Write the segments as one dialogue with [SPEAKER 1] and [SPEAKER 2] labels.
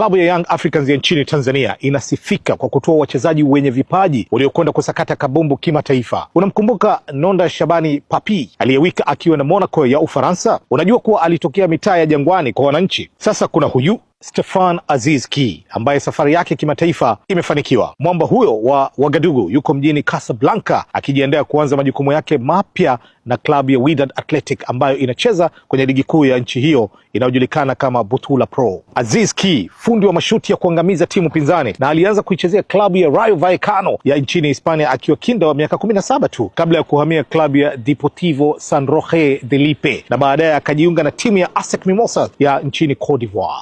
[SPEAKER 1] Klabu ya Young Africans ya nchini Tanzania inasifika kwa kutoa wachezaji wenye vipaji waliokwenda kusakata kabumbu kimataifa. Unamkumbuka Nonda Shabani Papi aliyewika akiwa na Monaco ya Ufaransa? Unajua kuwa alitokea mitaa ya Jangwani kwa wananchi. Sasa kuna huyu Stefan Aziz Ki ambaye safari yake kimataifa imefanikiwa. Mwamba huyo wa Wagadugu yuko mjini Casablanca akijiandaa kuanza majukumu yake mapya na klabu ya Wydad Athletic ambayo inacheza kwenye ligi kuu ya nchi hiyo inayojulikana kama Butula Pro. Aziz Ki, fundi wa mashuti ya kuangamiza timu pinzani, na alianza kuichezea klabu ya Rayo Vallecano ya nchini Hispania akiwa kinda wa miaka kumi na saba tu kabla ya kuhamia klabu ya Deportivo San Roque de Lipe na baadaye akajiunga na timu ya ASEC Mimosas ya nchini Cote d'Ivoire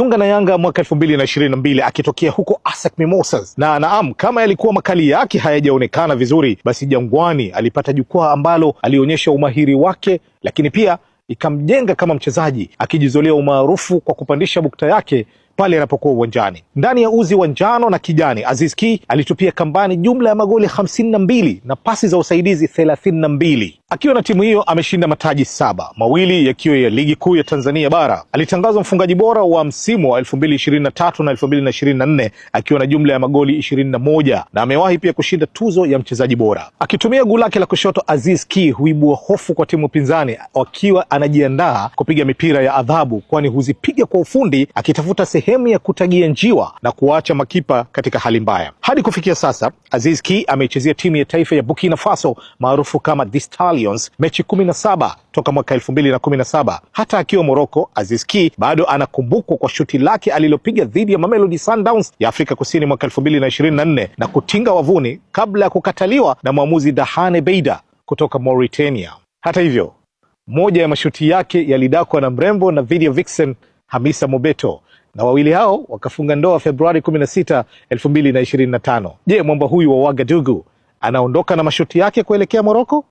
[SPEAKER 1] alijiunga na Yanga mwaka elfu mbili na ishirini na mbili akitokea huko ASEC Mimosas, na naam, kama yalikuwa makali yake hayajaonekana vizuri, basi Jangwani alipata jukwaa ambalo alionyesha umahiri wake, lakini pia ikamjenga kama mchezaji, akijizolea umaarufu kwa kupandisha bukta yake pale anapokuwa uwanjani. Ndani ya uzi wa njano na kijani, Aziz Ki alitupia kambani jumla ya magoli hamsini na mbili na pasi za usaidizi thelathini na mbili. Akiwa na timu hiyo ameshinda mataji saba, mawili yakiwa ya ligi kuu ya Tanzania bara. Alitangazwa mfungaji bora wa msimu wa 2023 na 2024 akiwa na jumla ya magoli 21 na amewahi pia kushinda tuzo ya mchezaji bora. Akitumia guu lake la kushoto, Aziz Ki huibua hofu kwa timu pinzani akiwa anajiandaa kupiga mipira ya adhabu, kwani huzipiga kwa ufundi akitafuta sehemu ya kutagia njiwa na kuwaacha makipa katika hali mbaya. Hadi kufikia sasa, Aziz Ki ameichezea timu ya taifa ya Burkina Faso maarufu kama Distali Lions mechi kumi na saba toka mwaka elfu mbili na kumi na saba. Hata akiwa Moroko, Aziz Ki bado anakumbukwa kwa shuti lake alilopiga dhidi ya Mamelodi Sundowns ya Afrika Kusini mwaka elfu mbili na ishirini na nne na kutinga wavuni kabla ya kukataliwa na mwamuzi Dahane Beida kutoka Mauritania. Hata hivyo, moja ya mashuti yake yalidakwa na mrembo na video vixen Hamisa Mobeto na wawili hao wakafunga ndoa Februari 16, 2025. Je, mwamba huyu wa Wagadugu anaondoka na mashuti yake kuelekea Moroko?